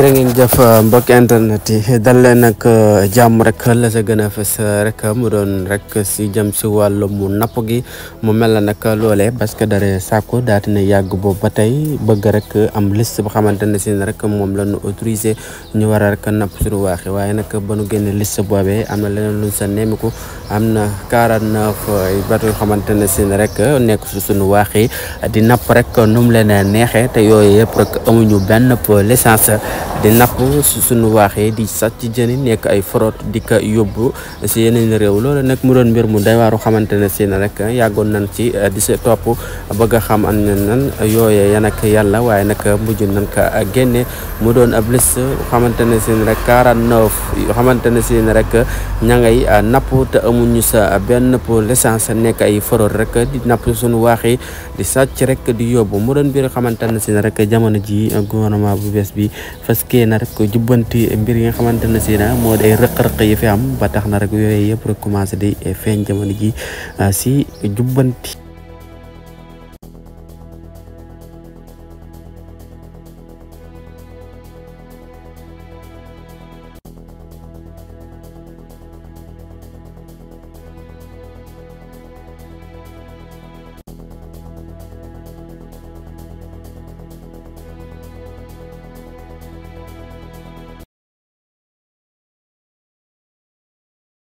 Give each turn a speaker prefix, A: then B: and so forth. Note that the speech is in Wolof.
A: jërë ngeen jëf euh, mbokk internet yi dal leen nag euh, jàmm rek la sa gën a fës euh, rek mu doon rek si jëm si wàllum napp gi mu mel na nag loolee parce que dara sàkku daa dina yàgg boobu ba tey bëgg rek am liste bu xamante ne si rek moom la ñu autorisé ñu war a rek napp suñu waax yi waaye nag ba nu génne liste boobee am na leneen luñ sa nemiku am na 49 bato yoo xamante ne si rek nekk su suñu waax yi di napp rek nu mu leen neexee te yooyu yëpp rek amuñu benn licence. di napp su suñu waaxee di sàcc jëni nekk ay forot di ko yóbbu si yeneen réew loolu nag mu doon mbir mu day waaru xamante ne si na rek yàggoon nañ ci di si topp bëgg a xam an nan yooye ya nag yàlla waaye nag mujj nañ ko génne mu doon ab liste xamante ne si rek 49 xamante ne si rek ña ngay napp te amuñu sa benn pour l'essence nekk ay forot rek di napp suñu waaxee di sàcc rek di yóbbu mu doon mbir xamante ne si rek jamono ji gouvernement bu bees bi fas kee na rek jubbanti mbir yi nga xamante ne si na moo day rëq-rëq yi fi am ba tax na rek yooyu yëpp rek commencé di feeñ jamono ji ah, si jubbanti